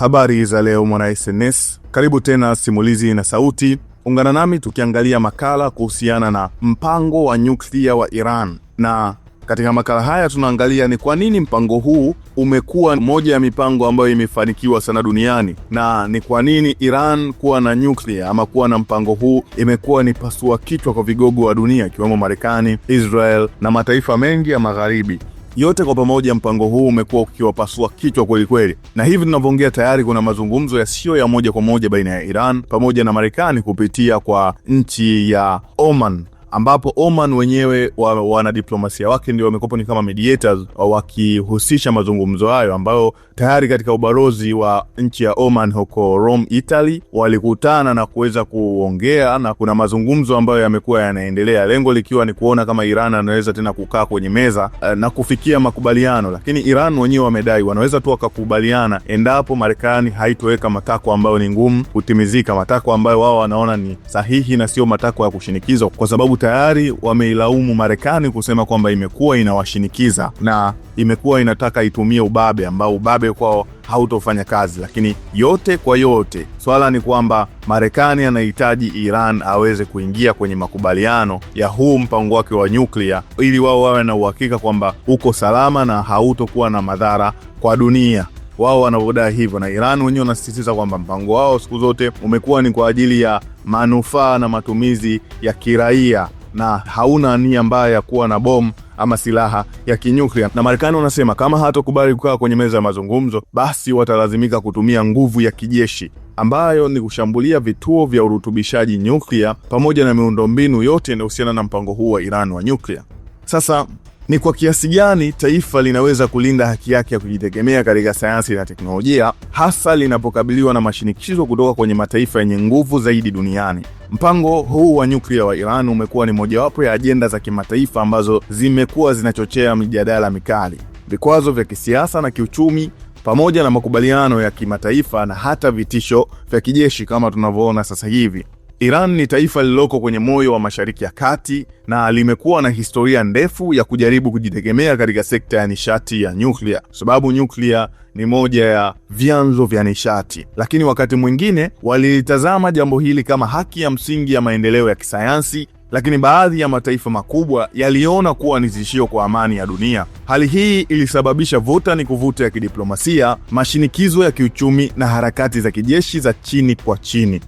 Habari za leo mwana SNS, karibu tena Simulizi na Sauti. Ungana nami tukiangalia makala kuhusiana na mpango wa nyuklia wa Iran, na katika makala haya tunaangalia ni kwa nini mpango huu umekuwa moja ya mipango ambayo imefanikiwa sana duniani na ni kwa nini Iran kuwa na nyuklia ama kuwa na mpango huu imekuwa ni pasua kichwa kwa vigogo wa dunia ikiwemo Marekani, Israel na mataifa mengi ya Magharibi. Yote kwa pamoja, mpango huu umekuwa ukiwapasua kichwa kweli kweli, na hivi tunavyoongea tayari kuna mazungumzo yasiyo ya moja kwa moja baina ya Iran pamoja na Marekani kupitia kwa nchi ya Oman ambapo Oman wenyewe wanadiplomasia wa wake ndio wamekuwa ni kama mediators wakihusisha mazungumzo hayo, ambayo tayari katika ubalozi wa nchi ya Oman huko Rome, Italy, walikutana na kuweza kuongea na kuna mazungumzo ambayo yamekuwa yanaendelea, lengo likiwa ni kuona kama Iran anaweza tena kukaa kwenye meza eh, na kufikia makubaliano, lakini Iran wenyewe wamedai wanaweza tu wakakubaliana endapo Marekani haitoweka matakwa ambayo ni ngumu kutimizika, matakwa ambayo wao wanaona ni sahihi na sio matakwa ya kushinikizwa kwa sababu tayari wameilaumu Marekani kusema kwamba imekuwa inawashinikiza na imekuwa inataka itumie ubabe ambao ubabe kwao hautofanya kazi. Lakini yote kwa yote, swala ni kwamba Marekani anahitaji Iran aweze kuingia kwenye makubaliano ya huu mpango wake wa nyuklia, ili wao wawe na uhakika kwamba uko salama na hautokuwa na madhara kwa dunia wao wanavyodai hivyo, na Iran wenyewe wanasisitiza kwamba mpango wao siku zote umekuwa ni kwa ajili ya manufaa na matumizi ya kiraia na hauna nia mbaya ya kuwa na bomu ama silaha ya kinyuklia. Na Marekani wanasema kama hatokubali kukaa kwenye meza ya mazungumzo, basi watalazimika kutumia nguvu ya kijeshi ambayo ni kushambulia vituo vya urutubishaji nyuklia pamoja na miundombinu yote inayohusiana na mpango huu wa Iran wa nyuklia. Sasa ni kwa kiasi gani taifa linaweza kulinda haki yake ya kujitegemea katika sayansi na teknolojia, hasa linapokabiliwa na mashinikizo kutoka kwenye mataifa yenye nguvu zaidi duniani. Mpango huu wa nyuklia wa Iran umekuwa ni mojawapo ya ajenda za kimataifa ambazo zimekuwa zinachochea mijadala mikali. Vikwazo vya kisiasa na kiuchumi pamoja na makubaliano ya kimataifa na hata vitisho vya kijeshi kama tunavyoona sasa hivi Iran ni taifa lililoko kwenye moyo wa Mashariki ya Kati na limekuwa na historia ndefu ya kujaribu kujitegemea katika sekta ya nishati ya nyuklia, kwa sababu nyuklia ni moja ya vyanzo vya nishati, lakini wakati mwingine walilitazama jambo hili kama haki ya msingi ya maendeleo ya kisayansi lakini baadhi ya mataifa makubwa yaliona kuwa ni tishio kwa amani ya dunia. Hali hii ilisababisha vuta ni kuvuta ya kidiplomasia, mashinikizo ya kiuchumi na harakati za kijeshi za chini kwa chini.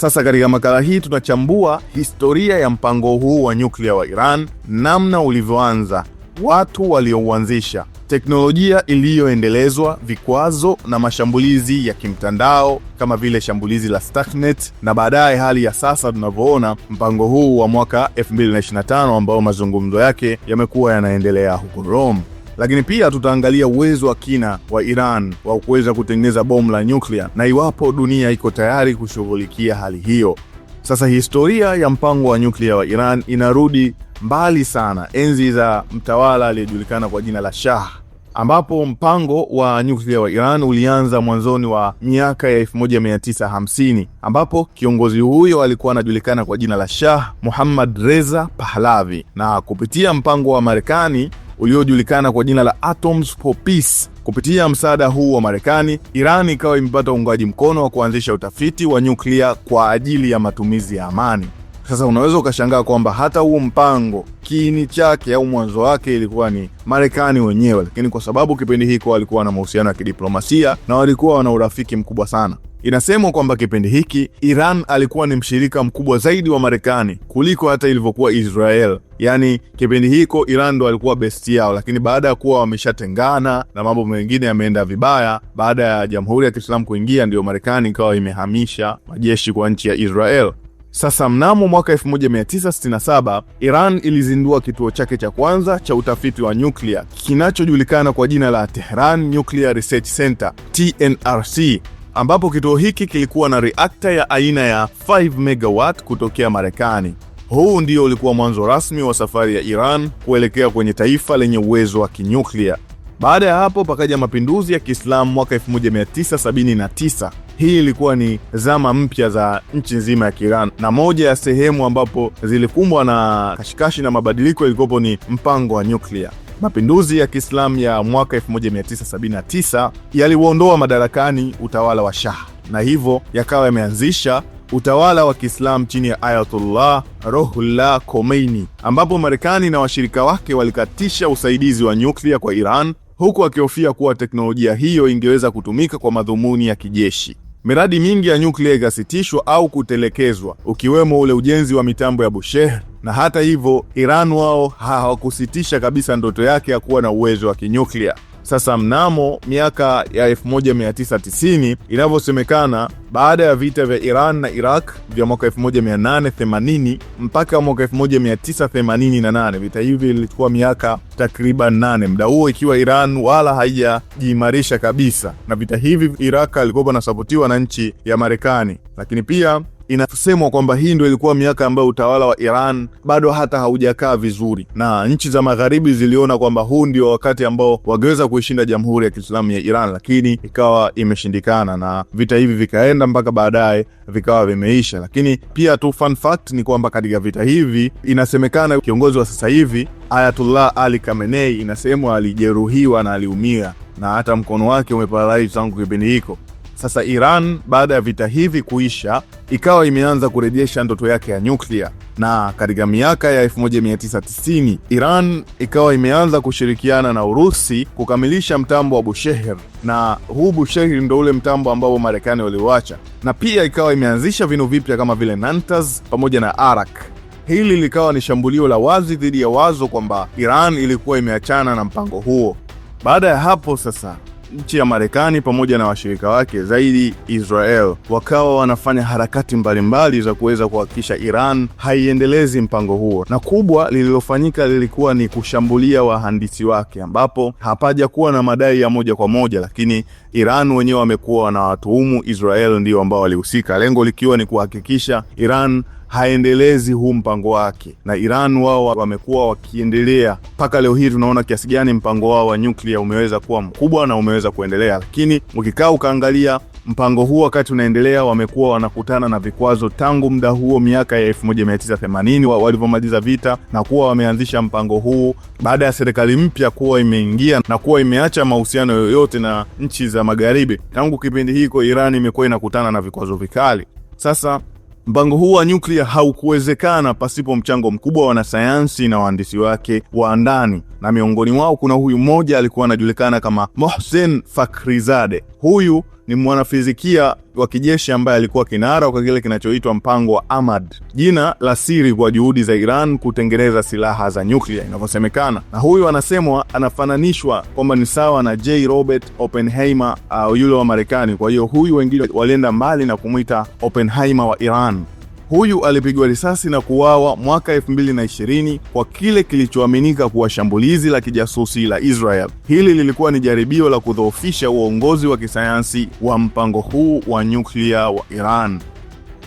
Sasa katika makala hii tunachambua historia ya mpango huu wa nyuklia wa Iran, namna ulivyoanza, watu waliouanzisha, teknolojia iliyoendelezwa, vikwazo na mashambulizi ya kimtandao kama vile shambulizi la Stuxnet na baadaye hali ya sasa tunavyoona mpango huu wa mwaka 2025 ambao mazungumzo yake yamekuwa yanaendelea huko Rome lakini pia tutaangalia uwezo wa kina wa Iran wa kuweza kutengeneza bomu la nyuklia na iwapo dunia iko tayari kushughulikia hali hiyo. Sasa historia ya mpango wa nyuklia wa Iran inarudi mbali sana, enzi za mtawala aliyejulikana kwa jina la Shah ambapo mpango wa nyuklia wa Iran ulianza mwanzoni wa miaka ya 1950 ambapo kiongozi huyo alikuwa anajulikana kwa jina la Shah Muhammad Reza Pahlavi, na kupitia mpango wa Marekani uliojulikana kwa jina la Atoms for Peace. Kupitia msaada huu wa Marekani, Iran ikawa imepata uungaji mkono wa kuanzisha utafiti wa nyuklia kwa ajili ya matumizi ya amani. Sasa unaweza ukashangaa kwamba hata huu mpango kiini chake au mwanzo wake ilikuwa ni Marekani wenyewe, lakini kwa sababu kipindi hiko walikuwa na mahusiano ya kidiplomasia na walikuwa wana urafiki mkubwa sana Inasemwa kwamba kipindi hiki Iran alikuwa ni mshirika mkubwa zaidi wa Marekani kuliko hata ilivyokuwa Israel. Yaani kipindi hiko Iran ndo alikuwa besti yao, lakini baada ya kuwa wameshatengana na mambo mengine yameenda vibaya, baada ya Jamhuri ya Kiislamu kuingia, ndiyo Marekani ikawa imehamisha majeshi kwa nchi ya Israel. Sasa mnamo mwaka 1967 Iran ilizindua kituo chake cha kwanza cha utafiti wa nyuklia kinachojulikana kwa jina la Tehran Nuclear Research Center TNRC ambapo kituo hiki kilikuwa na reakta ya aina ya 5 megawatt kutokea Marekani. Huu ndio ulikuwa mwanzo rasmi wa safari ya Iran kuelekea kwenye taifa lenye uwezo wa kinyuklia. Baada ya hapo pakaja mapinduzi ya Kiislamu mwaka 1979. Hii ilikuwa ni zama mpya za nchi nzima ya Kiiran, na moja ya sehemu ambapo zilikumbwa na kashikashi na mabadiliko ilikopo ni mpango wa nyuklia. Mapinduzi ya Kiislamu ya mwaka 1979 yaliuondoa madarakani utawala wa Shah na hivyo yakawa yameanzisha utawala wa Kiislamu chini ya Ayatollah Ruhollah Khomeini, ambapo Marekani na washirika wake walikatisha usaidizi wa nyuklia kwa Iran, huku akihofia kuwa teknolojia hiyo ingeweza kutumika kwa madhumuni ya kijeshi. Miradi mingi ya nyuklia ikasitishwa au kutelekezwa, ukiwemo ule ujenzi wa mitambo ya Bushehr na hata hivyo Iran wao hawakusitisha kabisa ndoto yake ya kuwa na uwezo wa kinyuklia. Sasa mnamo miaka ya 1990 inavyosemekana, baada ya vita vya Iran na Iraq vya mwaka 1880 mpaka mwaka 1988, vita hivi vilikuwa miaka takriban nane, muda huo ikiwa Iran wala haijajiimarisha kabisa, na vita hivi Iraq alikuwa anasapotiwa na nchi ya Marekani, lakini pia inasemwa kwamba hii ndio ilikuwa miaka ambayo utawala wa Iran bado hata haujakaa vizuri, na nchi za magharibi ziliona kwamba huu ndio wakati ambao wangeweza kuishinda Jamhuri ya Kiislamu ya Iran, lakini ikawa imeshindikana, na vita hivi vikaenda mpaka baadaye vikawa vimeisha. Lakini pia tu fun fact ni kwamba katika vita hivi inasemekana kiongozi wa sasa hivi Ayatullah Ali Khamenei inasemwa alijeruhiwa na aliumia na hata mkono wake umeparalaizi tangu kipindi hiko. Sasa Iran baada ya vita hivi kuisha, ikawa imeanza kurejesha ndoto yake ya nyuklia, na katika miaka ya 1990 Iran ikawa imeanza kushirikiana na Urusi kukamilisha mtambo wa Bushehr, na huu Bushehr ndio ule mtambo ambao Marekani waliuacha, na pia ikawa imeanzisha vinu vipya kama vile Natanz pamoja na Arak. Hili likawa ni shambulio la wazi dhidi ya wazo kwamba Iran ilikuwa imeachana na mpango huo. Baada ya hapo sasa nchi ya Marekani pamoja na washirika wake zaidi Israel wakawa wanafanya harakati mbalimbali mbali za kuweza kuhakikisha Iran haiendelezi mpango huo, na kubwa lililofanyika lilikuwa ni kushambulia wahandisi wake, ambapo hapaja kuwa na madai ya moja kwa moja, lakini Iran wenyewe wamekuwa wanawatuhumu Israel ndio ambao walihusika, lengo likiwa ni kuhakikisha Iran haendelezi huu mpango wake, na Iran wao wamekuwa wakiendelea mpaka leo hii. Tunaona kiasi gani mpango wao wa nyuklia umeweza kuwa mkubwa na umeweza kuendelea, lakini ukikaa ukaangalia mpango huo wakati unaendelea, wamekuwa wanakutana na vikwazo tangu muda huo, miaka ya 1980 walivyomaliza vita na kuwa wameanzisha mpango huu baada ya serikali mpya kuwa imeingia na kuwa imeacha mahusiano yoyote na nchi za Magharibi. Tangu kipindi hiko, Iran imekuwa inakutana na vikwazo vikali. Sasa Mpango huu wa nyuklia haukuwezekana pasipo mchango mkubwa wa wanasayansi na waandisi wake wa ndani, na miongoni mwao kuna huyu mmoja alikuwa anajulikana kama Mohsen fakrizade Huyu ni mwanafizikia wa kijeshi ambaye alikuwa kinara kwa kile kinachoitwa mpango wa Ahmad, jina la siri kwa juhudi za Iran kutengeneza silaha za nyuklia inavyosemekana. Na huyu anasemwa anafananishwa kwamba ni sawa na J. Robert Oppenheimer, uh, yule wa Marekani. Kwa hiyo huyu wengine walienda mbali na kumwita Oppenheimer wa Iran. Huyu alipigwa risasi na kuuawa mwaka 2020 kwa kile kilichoaminika kuwa shambulizi la kijasusi la Israel. Hili lilikuwa ni jaribio la kudhoofisha uongozi wa kisayansi wa mpango huu wa nyuklia wa Iran.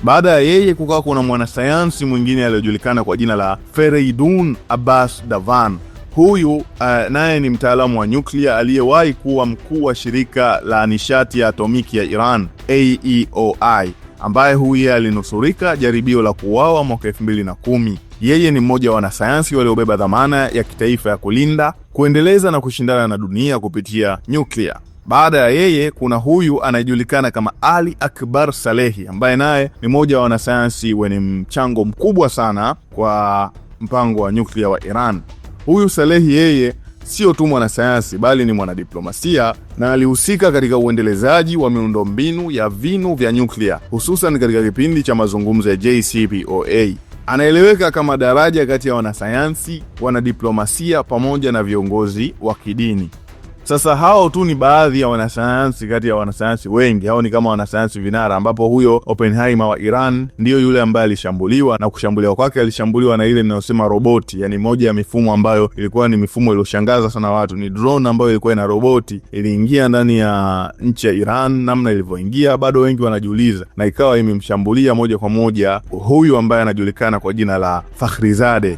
Baada ya yeye kukawa kuna mwanasayansi mwingine aliyojulikana kwa jina la Fereidun Abbas Davan. Huyu uh, naye ni mtaalamu wa nyuklia aliyewahi kuwa mkuu wa shirika la nishati ya atomiki ya Iran AEOI ambaye yeye alinusurika jaribio la kuuawa mwaka kumi. Yeye ni mmoja wa wanasayansi waliobeba dhamana ya kitaifa ya kulinda, kuendeleza na kushindana na dunia kupitia nyuklia. Baada ya yeye kuna huyu anayejulikana kama Ali Akbar Salehi ambaye naye ni mmoja wa wanasayansi wenye mchango mkubwa sana kwa mpango wa nyuklia wa Iran. Huyu Salehi yeye sio tu mwanasayansi bali ni mwanadiplomasia na alihusika katika uendelezaji wa miundombinu ya vinu vya nyuklia, hususan katika kipindi cha mazungumzo ya JCPOA. Anaeleweka kama daraja kati ya wanasayansi, wanadiplomasia pamoja na viongozi wa kidini. Sasa hao tu ni baadhi ya wanasayansi kati ya wanasayansi wengi, hao ni kama wanasayansi vinara, ambapo huyo Oppenheimer wa Iran ndiyo yule ambaye alishambuliwa, na kushambuliwa kwake alishambuliwa na ile inayosema roboti, yani moja ya mifumo ambayo ilikuwa ni mifumo iliyoshangaza sana watu, ni drone ambayo ilikuwa ina roboti, iliingia ndani ya nchi ya Iran. Namna ilivyoingia bado wengi wanajiuliza, na ikawa imemshambulia moja kwa moja huyu ambaye anajulikana kwa jina la Fakhrizadeh.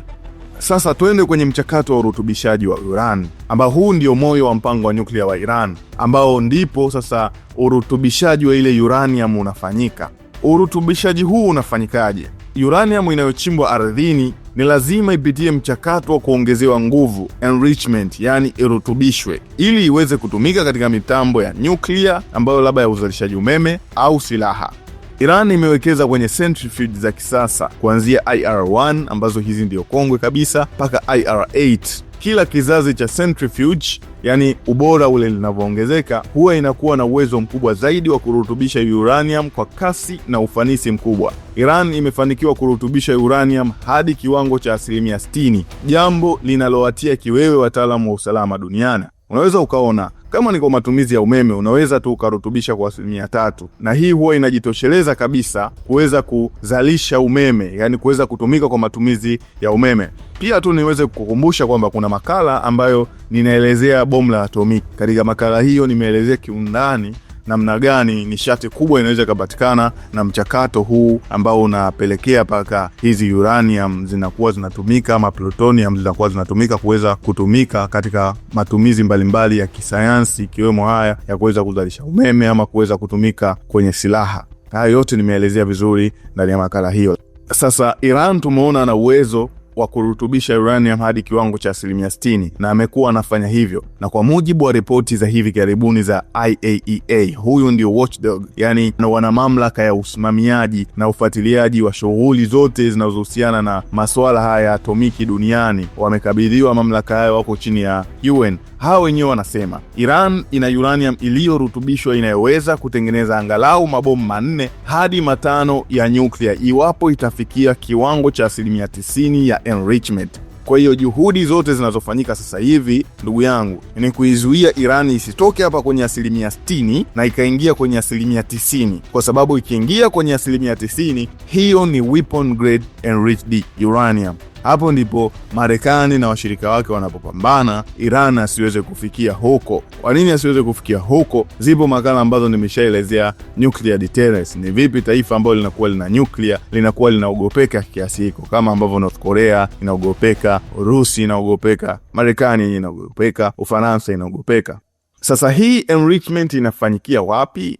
Sasa twende kwenye mchakato wa urutubishaji wa uran ambao huu ndio moyo wa mpango wa nyuklia wa Iran, ambao ndipo sasa urutubishaji wa ile uranium unafanyika. Urutubishaji huu unafanyikaje? Uranium inayochimbwa ardhini ni lazima ipitie mchakato wa kuongezewa nguvu enrichment, yani irutubishwe ili iweze kutumika katika mitambo ya nyuklia ambayo labda ya uzalishaji umeme au silaha. Iran imewekeza kwenye centrifuge za kisasa kuanzia IR1 ambazo hizi ndio kongwe kabisa mpaka IR8. Kila kizazi cha centrifuge, yani ubora ule linavyoongezeka, huwa inakuwa na uwezo mkubwa zaidi wa kurutubisha uranium kwa kasi na ufanisi mkubwa. Iran imefanikiwa kurutubisha uranium hadi kiwango cha asilimia 60, jambo linalowatia kiwewe wataalamu wa usalama duniani. Unaweza ukaona kama ni kwa matumizi ya umeme, unaweza tu ukarutubisha kwa asilimia tatu, na hii huwa inajitosheleza kabisa kuweza kuzalisha umeme, yani kuweza kutumika kwa matumizi ya umeme. Pia tu niweze kukukumbusha kwamba kuna makala ambayo ninaelezea bomu la atomiki. Katika makala hiyo nimeelezea kiundani namna gani nishati kubwa inaweza ikapatikana na mchakato huu ambao unapelekea mpaka hizi uranium zinakuwa zinatumika ama plutonium zinakuwa zinatumika kuweza kutumika katika matumizi mbalimbali mbali ya kisayansi ikiwemo haya ya kuweza kuzalisha umeme ama kuweza kutumika kwenye silaha. Hayo yote nimeelezea vizuri ndani ya makala hiyo. Sasa Iran tumeona na uwezo wa kurutubisha uranium hadi kiwango cha asilimia 60 na amekuwa anafanya hivyo, na kwa mujibu wa ripoti za hivi karibuni za IAEA, e huyu ndio watchdog, yani wana mamlaka ya usimamiaji na ufuatiliaji wa shughuli zote zinazohusiana na masuala haya ya atomiki duniani. Wamekabidhiwa mamlaka hayo, wako chini ya UN. Hawa wenyewe wanasema Iran ina uranium iliyorutubishwa inayoweza kutengeneza angalau mabomu manne hadi matano ya nyuklia iwapo itafikia kiwango cha asilimia 90 ya enrichment. Kwa hiyo juhudi zote zinazofanyika sasa hivi, ndugu yangu, ni kuizuia Irani isitoke hapa kwenye asilimia 60 na ikaingia kwenye asilimia 90, kwa sababu ikiingia kwenye asilimia 90, hiyo ni weapon grade enriched uranium. Hapo ndipo Marekani na washirika wake wanapopambana Iran asiweze kufikia huko. Kwa nini asiweze kufikia huko? Zipo makala ambazo nimeshaelezea. Nuclear deterrence ni vipi taifa ambalo linakuwa lina nuclear linakuwa linaogopeka kiasi hiko, kama ambavyo North Korea inaogopeka, Urusi inaogopeka, Marekani inaogopeka, Ufaransa inaogopeka. Sasa hii enrichment inafanyikia wapi?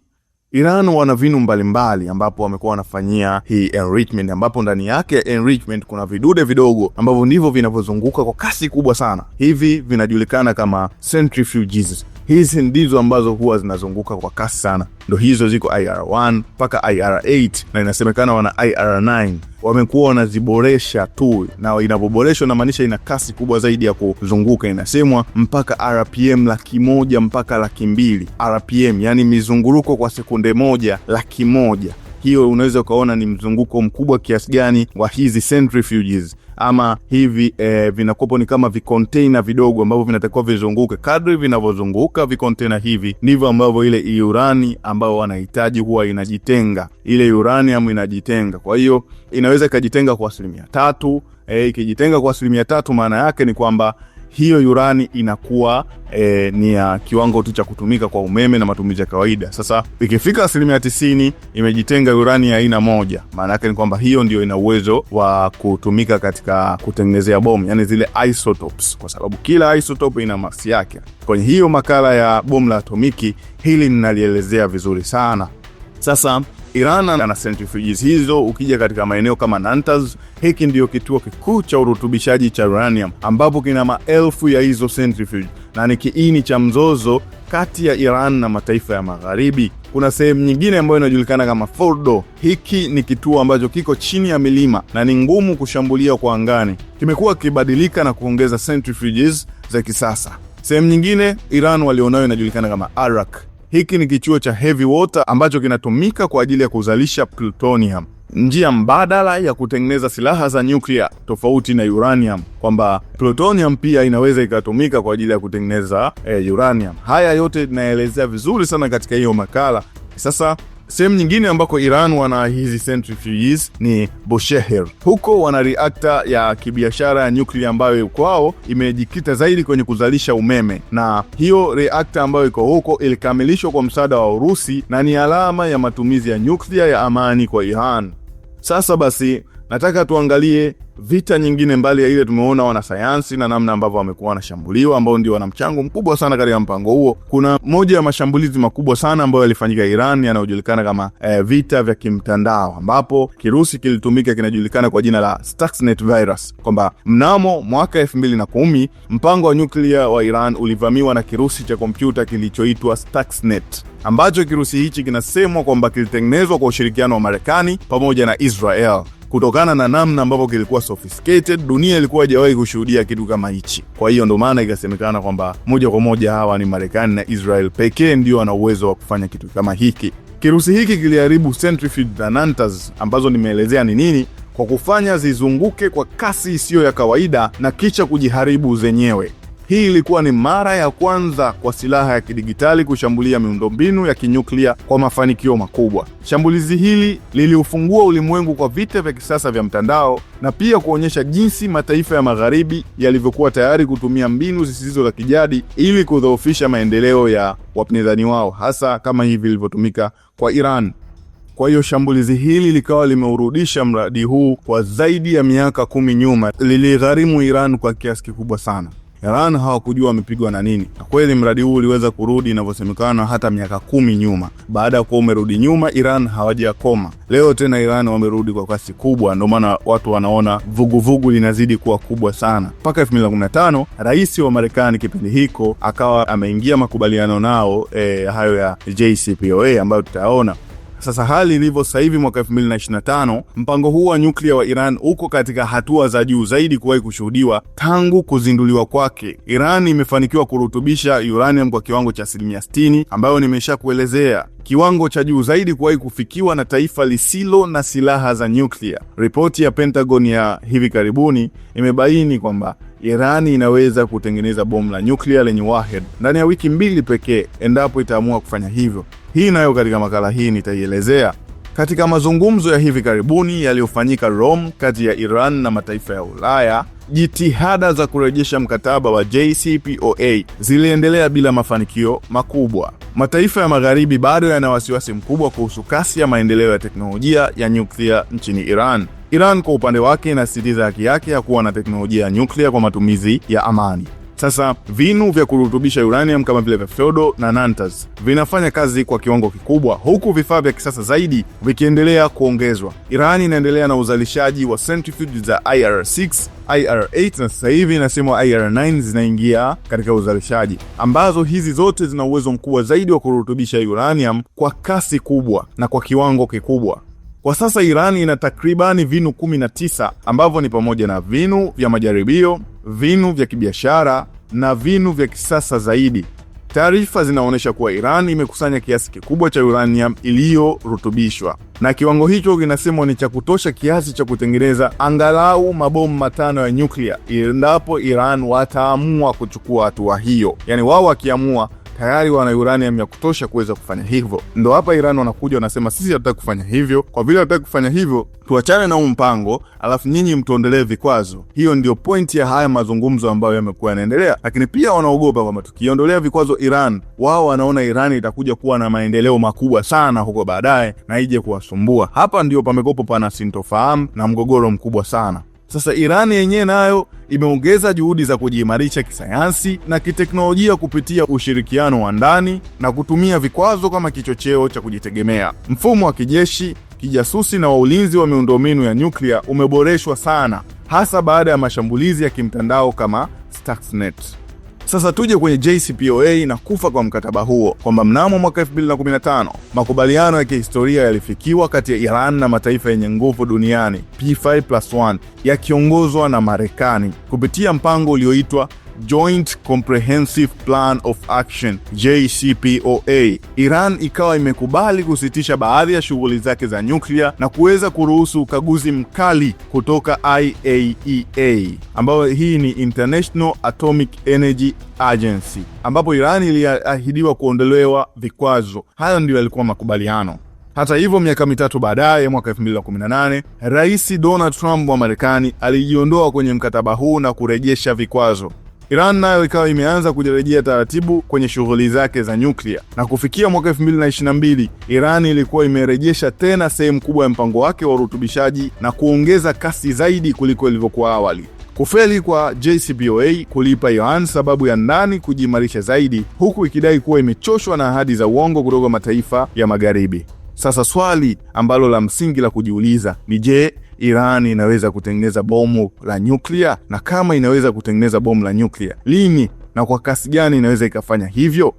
Iran wana vinu mbalimbali ambapo wamekuwa wanafanyia hii enrichment, ambapo ndani yake enrichment kuna vidude vidogo ambavyo ndivyo vinavyozunguka kwa kasi kubwa sana. Hivi vinajulikana kama centrifuges hizi ndizo ambazo huwa zinazunguka kwa kasi sana, ndo hizo ziko IR1 mpaka IR8 na inasemekana wana IR9 wamekuwa wanaziboresha tu, na inapoboreshwa inamaanisha ina kasi kubwa zaidi ya kuzunguka. Inasemwa mpaka RPM laki moja mpaka laki mbili RPM, yani mizunguruko kwa sekunde moja laki moja. Hiyo unaweza ukaona ni mzunguko mkubwa kiasi gani wa hizi centrifuges ama hivi eh, vinakuwa ni kama vikonteina vidogo ambavyo vinatakiwa vizunguke. Kadri vinavyozunguka vikonteina hivi, ndivyo ambavyo ile urani ambayo wanahitaji huwa inajitenga, ile uranium inajitenga. Kwa hiyo inaweza ikajitenga kwa asilimia tatu. Eh, ikijitenga kwa asilimia tatu, maana yake ni kwamba hiyo urani inakuwa e, ni ya kiwango tu cha kutumika kwa umeme na matumizi ya kawaida. Sasa ikifika asilimia tisini imejitenga urani ya aina moja, maana yake ni kwamba hiyo ndio ina uwezo wa kutumika katika kutengenezea bomu, yani zile isotopes, kwa sababu kila isotope ina masi yake. Kwenye hiyo makala ya bomu la atomiki hili ninalielezea vizuri sana. Sasa Iran ana centrifuges hizo. Ukija katika maeneo kama Natanz, hiki ndiyo kituo kikuu cha urutubishaji cha uranium ambapo kina maelfu ya hizo centrifuge na ni kiini cha mzozo kati ya Iran na mataifa ya Magharibi. Kuna sehemu nyingine ambayo inajulikana kama Fordo. Hiki ni kituo ambacho kiko chini ya milima na ni ngumu kushambulia kwa angani. Kimekuwa kikibadilika na kuongeza centrifuges za kisasa. Sehemu nyingine Iran walionayo inajulikana kama Arak. Hiki ni kichuo cha heavy water ambacho kinatumika kwa ajili ya kuzalisha plutonium, njia mbadala ya kutengeneza silaha za nyuklia, tofauti na uranium, kwamba plutonium pia inaweza ikatumika kwa ajili ya kutengeneza eh, uranium. Haya yote inaelezea vizuri sana katika hiyo makala. Sasa Sehemu nyingine ambako Iran wana hizi centrifuges ni Bushehr. Huko wana reakta ya kibiashara ya nyuklia ambayo kwao imejikita zaidi kwenye kuzalisha umeme, na hiyo reakta ambayo iko huko ilikamilishwa kwa msaada wa Urusi na ni alama ya matumizi ya nyuklia ya amani kwa Iran. Sasa basi nataka tuangalie vita nyingine mbali ya ile tumeona wanasayansi na namna ambavyo wamekuwa wanashambuliwa, ambao ndio wana mchango mkubwa sana katika mpango huo. Kuna moja ya mashambulizi makubwa sana ambayo yalifanyika Iran yanayojulikana kama eh, vita vya kimtandao, ambapo kirusi kilitumika kinajulikana kwa jina la Stuxnet virus, kwamba mnamo mwaka 2010 mpango wa nyuklia wa Iran ulivamiwa na kirusi cha kompyuta kilichoitwa Stuxnet ambacho kirusi hichi kinasemwa kwamba kilitengenezwa kwa ushirikiano wa Marekani pamoja na Israel kutokana na namna ambavyo kilikuwa sophisticated. Dunia ilikuwa haijawahi kushuhudia kitu kama hichi, kwa hiyo ndo maana ikasemekana kwamba moja kwa moja hawa ni Marekani na Israel pekee ndio wana uwezo wa kufanya kitu kama hiki. Kirusi hiki kiliharibu centrifuge za nantas ambazo nimeelezea ni nini kwa kufanya zizunguke kwa kasi isiyo ya kawaida na kisha kujiharibu zenyewe. Hii ilikuwa ni mara ya kwanza kwa silaha ya kidigitali kushambulia miundombinu ya kinyuklia kwa mafanikio makubwa. Shambulizi hili liliufungua ulimwengu kwa vita vya kisasa vya mtandao na pia kuonyesha jinsi mataifa ya magharibi yalivyokuwa tayari kutumia mbinu zisizo za kijadi ili kudhoofisha maendeleo ya wapinzani wao, hasa kama hivi ilivyotumika kwa Iran. Kwa hiyo shambulizi hili likawa limeurudisha mradi huu kwa zaidi ya miaka kumi nyuma, liligharimu Iran kwa kiasi kikubwa sana. Iran hawakujua wamepigwa na nini, na kweli mradi huu uliweza kurudi inavyosemekana hata miaka kumi nyuma. Baada ya kuwa umerudi nyuma, Iran hawajakoma. Leo tena Iran wamerudi kwa kasi kubwa, ndio maana watu wanaona vuguvugu vugu linazidi kuwa kubwa sana. Mpaka 2015 rais wa Marekani kipindi hiko akawa ameingia makubaliano nao e, hayo ya JCPOA ambayo tutayaona sasa hali ilivyo sasa hivi mwaka 2025, mpango huu wa nyuklia wa Iran uko katika hatua za juu zaidi kuwahi kushuhudiwa tangu kuzinduliwa kwake. Iran imefanikiwa kurutubisha uranium kwa kiwango cha asilimia 60, ambayo nimeshakuelezea, kiwango cha juu zaidi kuwahi kufikiwa na taifa lisilo na silaha za nyuklia. Ripoti ya Pentagon ya hivi karibuni imebaini kwamba iran inaweza kutengeneza bomu la nyuklia lenye warhead ndani ya wiki mbili pekee endapo itaamua kufanya hivyo. Hii nayo katika makala hii nitaielezea. Katika mazungumzo ya hivi karibuni yaliyofanyika Rome kati ya Iran na mataifa ya Ulaya, jitihada za kurejesha mkataba wa JCPOA ziliendelea bila mafanikio makubwa. Mataifa ya Magharibi bado yana wasiwasi mkubwa kuhusu kasi ya maendeleo ya teknolojia ya nyuklia nchini Iran. Iran kwa upande wake inasisitiza haki yake ya kuwa na teknolojia ya nyuklia kwa matumizi ya amani. Sasa vinu vya kurutubisha uranium kama vile vya Feodo na Natanz vinafanya kazi kwa kiwango kikubwa, huku vifaa vya kisasa zaidi vikiendelea kuongezwa. iran inaendelea na uzalishaji wa centrifuge za IR6, IR8 na sasa hivi inasemwa IR9 zinaingia katika uzalishaji, ambazo hizi zote zina uwezo mkubwa zaidi wa kurutubisha uranium kwa kasi kubwa na kwa kiwango kikubwa. Kwa sasa Iran ina takribani vinu 19 ambavyo ni pamoja na vinu vya majaribio, vinu vya kibiashara na vinu vya kisasa zaidi. Taarifa zinaonyesha kuwa Iran imekusanya kiasi kikubwa cha uranium iliyorutubishwa na kiwango hicho kinasemwa ni cha kutosha kiasi cha kutengeneza angalau mabomu matano ya nyuklia endapo Iran wataamua kuchukua hatua hiyo, yaani wao wakiamua tayari wana uranium ya kutosha kuweza kufanya hivyo. Ndo hapa Iran wanakuja wanasema, sisi hatutaki kufanya hivyo. Kwa vile hatutaki kufanya hivyo, tuachane na huu mpango, alafu nyinyi mtuondelee vikwazo. Hiyo ndio pointi ya haya mazungumzo ambayo yamekuwa yanaendelea, lakini pia wanaogopa kwamba tukiondolea vikwazo Iran, wao wanaona Iran itakuja kuwa na maendeleo makubwa sana huko baadaye na ije kuwasumbua. Hapa ndio pamekopo pana sintofahamu na mgogoro mkubwa sana. Sasa Irani yenyewe nayo imeongeza juhudi za kujiimarisha kisayansi na kiteknolojia kupitia ushirikiano wa ndani na kutumia vikwazo kama kichocheo cha kujitegemea. Mfumo wa kijeshi, kijasusi na wa ulinzi wa miundombinu ya nyuklia umeboreshwa sana, hasa baada ya mashambulizi ya kimtandao kama Stuxnet. Sasa tuje kwenye JCPOA na kufa kwa mkataba huo, kwamba mnamo mwaka 2015 makubaliano ya kihistoria yalifikiwa kati ya Iran na mataifa yenye nguvu duniani P5+1 yakiongozwa na Marekani kupitia mpango ulioitwa Joint Comprehensive Plan of Action JCPOA. Iran ikawa imekubali kusitisha baadhi ya shughuli zake za nyuklia na kuweza kuruhusu ukaguzi mkali kutoka IAEA, e ambayo hii ni International Atomic Energy Agency, ambapo Iran iliahidiwa kuondolewa vikwazo. Hayo ndio yalikuwa makubaliano. Hata hivyo miaka mitatu baadaye, mwaka 2018, Rais Donald Trump wa Marekani alijiondoa kwenye mkataba huu na kurejesha vikwazo. Iran nayo ikawa imeanza kujirejea taratibu kwenye shughuli zake za nyuklia, na kufikia mwaka 2022 Iran ilikuwa imerejesha tena sehemu kubwa ya mpango wake wa urutubishaji na kuongeza kasi zaidi kuliko ilivyokuwa awali. Kufeli kwa JCPOA kulipa Iran sababu ya ndani kujiimarisha zaidi, huku ikidai kuwa imechoshwa na ahadi za uongo kutoka mataifa ya Magharibi. Sasa swali ambalo la msingi la kujiuliza ni je, Iran inaweza kutengeneza bomu la nyuklia, na kama inaweza kutengeneza bomu la nyuklia, lini na kwa kasi gani inaweza ikafanya hivyo?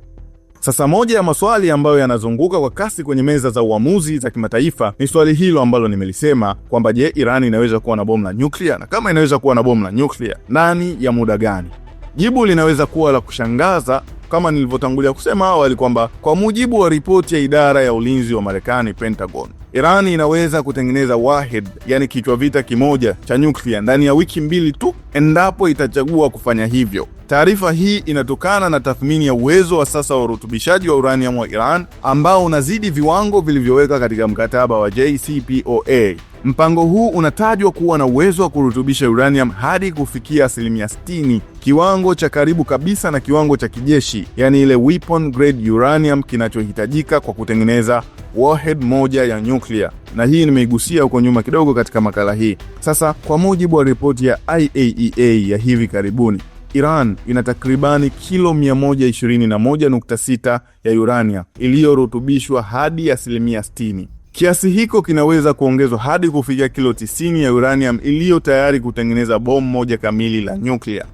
Sasa moja ya maswali ambayo yanazunguka kwa kasi kwenye meza za uamuzi za kimataifa ni swali hilo ambalo nimelisema kwamba je, Iran inaweza kuwa na bomu la nyuklia? Na kama inaweza kuwa na bomu la nyuklia, ndani ya muda gani? Jibu linaweza kuwa la kushangaza kama nilivyotangulia kusema awali kwamba kwa mujibu wa ripoti ya idara ya ulinzi wa Marekani, Pentagon, Iran inaweza kutengeneza wahed, yani kichwa vita kimoja cha nyuklia ndani ya wiki mbili tu endapo itachagua kufanya hivyo. Taarifa hii inatokana na tathmini ya uwezo wa sasa wa urutubishaji wa uranium wa Iran ambao unazidi viwango vilivyoweka katika mkataba wa JCPOA. Mpango huu unatajwa kuwa na uwezo wa kurutubisha uranium hadi kufikia asilimia 60, kiwango cha karibu kabisa na kiwango cha kijeshi, yani ile weapon grade uranium kinachohitajika kwa kutengeneza warhead moja ya nyuklia, na hii nimeigusia huko nyuma kidogo katika makala hii. Sasa, kwa mujibu wa ripoti ya IAEA e ya hivi karibuni, Iran ina takribani kilo 121.6 ya uranium iliyorutubishwa hadi asilimia 60. Kiasi hiko kinaweza kuongezwa hadi kufikia kilo 90 ya uranium iliyo tayari kutengeneza bomu moja kamili la nyuklia.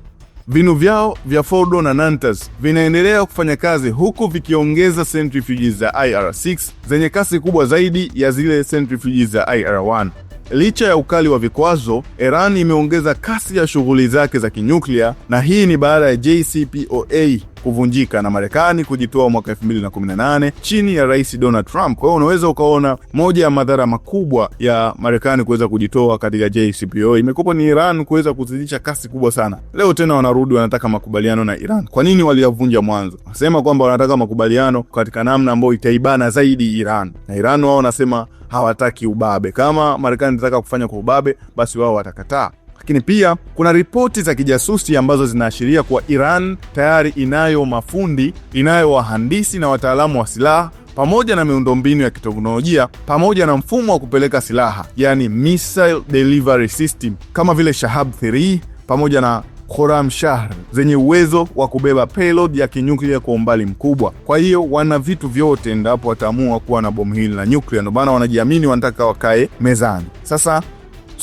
Vinu vyao vya Fordo na Natanz vinaendelea kufanya kazi huku vikiongeza centrifuges za IR6 zenye kasi kubwa zaidi ya zile centrifuges za IR1. Licha ya ukali wa vikwazo, Iran imeongeza kasi ya shughuli zake za kinyuklia na hii ni baada ya JCPOA kuvunjika na Marekani kujitoa mwaka 2018 chini ya Rais Donald Trump. Kwa hiyo unaweza ukaona moja ya madhara makubwa ya Marekani kuweza kujitoa katika JCPOA imekuwa ni Iran kuweza kuzidisha kasi kubwa sana. Leo tena wanarudi wanataka makubaliano na Iran. Kwa nini waliyavunja mwanzo? Wanasema kwamba wanataka makubaliano katika namna ambayo itaibana zaidi Iran, na Iran wao wanasema hawataki ubabe. Kama Marekani inataka kufanya kwa ubabe, basi wao watakataa. Lakini pia kuna ripoti za kijasusi ambazo zinaashiria kuwa Iran tayari inayo mafundi, inayo wahandisi na wataalamu wa silaha pamoja na miundombinu ya kiteknolojia pamoja na mfumo wa kupeleka silaha, yani missile delivery system kama vile Shahab 3 pamoja na Shahr zenye uwezo wa kubeba payload ya kinyuklia kwa umbali mkubwa. Kwa hiyo wana vitu vyote endapo wataamua kuwa na bomu hili la nyuklia, ndio maana wanajiamini, wanataka wakae mezani sasa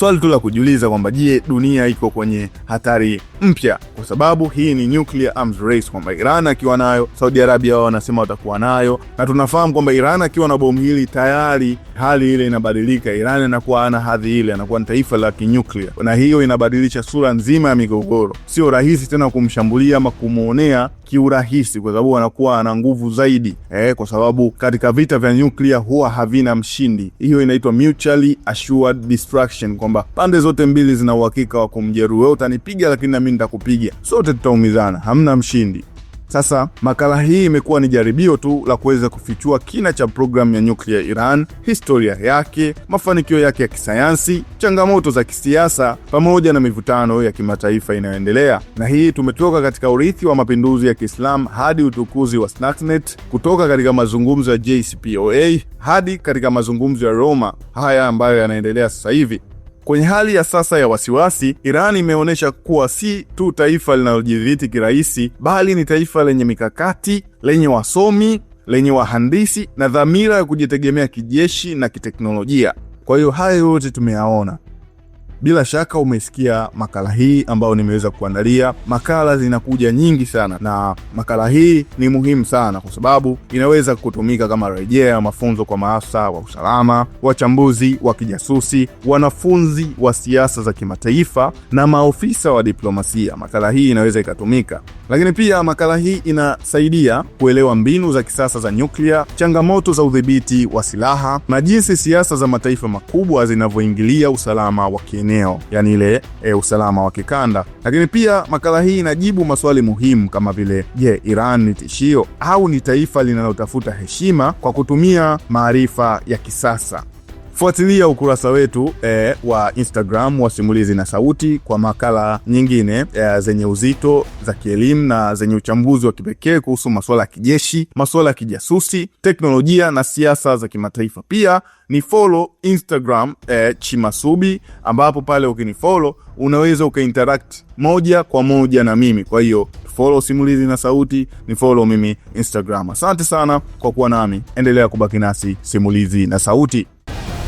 swali tu la kujiuliza kwamba je, dunia iko kwenye hatari mpya, kwa sababu hii ni nuclear arms race, kwamba Iran akiwa nayo Saudi Arabia wao wanasema watakuwa nayo, na tunafahamu kwamba Iran akiwa na bomu hili tayari hali ile inabadilika. Iran anakuwa ana hadhi ile, anakuwa ni taifa la kinyuklia, na hiyo inabadilisha sura nzima ya migogoro. Sio rahisi tena kumshambulia ama kumwonea kiurahisi, kwa sababu anakuwa ana nguvu zaidi eh, kwa sababu katika vita vya nyuklia huwa havina mshindi. Hiyo inaitwa mutually assured destruction, kwamba pande zote mbili zina uhakika wa kumjeruhi. Wewe utanipiga lakini na mimi nitakupiga, sote tutaumizana, hamna mshindi. Sasa makala hii imekuwa ni jaribio tu la kuweza kufichua kina cha programu ya nyuklia ya Iran, historia yake, mafanikio yake ya kisayansi, changamoto za kisiasa, pamoja na mivutano ya kimataifa inayoendelea. Na hii tumetoka katika urithi wa mapinduzi ya Kiislamu hadi utukuzi wa Stuxnet, kutoka katika mazungumzo ya JCPOA hadi katika mazungumzo ya Roma, haya ambayo yanaendelea sasa hivi. Kwenye hali ya sasa ya wasiwasi, Iran imeonyesha kuwa si tu taifa linalojidhiti kirahisi, bali ni taifa lenye mikakati, lenye wasomi, lenye wahandisi na dhamira ya kujitegemea kijeshi na kiteknolojia. Kwa hiyo hayo yote tumeyaona. Bila shaka umesikia makala hii ambayo nimeweza kuandalia. Makala zinakuja nyingi sana, na makala hii ni muhimu sana kwa sababu inaweza kutumika kama rejea ya mafunzo kwa maafisa wa usalama, wachambuzi wa kijasusi, wanafunzi wa siasa za kimataifa na maofisa wa diplomasia. Makala hii inaweza ikatumika, lakini pia makala hii inasaidia kuelewa mbinu za kisasa za nyuklia, changamoto za udhibiti wa silaha na jinsi siasa za mataifa makubwa zinavyoingilia usalama wa kieneo kieneo, yani ile e, usalama wa kikanda. Lakini pia makala hii inajibu maswali muhimu kama vile je, Iran ni tishio au ni taifa linalotafuta heshima kwa kutumia maarifa ya kisasa? Fuatilia ukurasa wetu e, wa Instagram wa Simulizi na Sauti kwa makala nyingine e, zenye uzito za kielimu na zenye uchambuzi wa kipekee kuhusu masuala ya kijeshi, masuala ya kijasusi, teknolojia na siasa za kimataifa. Pia ni follow Instagram e, Chimasubi, ambapo pale ukinifollow unaweza ukainteract moja kwa moja na mimi. Kwa hiyo follow Simulizi na Sauti, ni follow mimi Instagram. Asante sana kwa kuwa nami, endelea kubaki nasi Simulizi na Sauti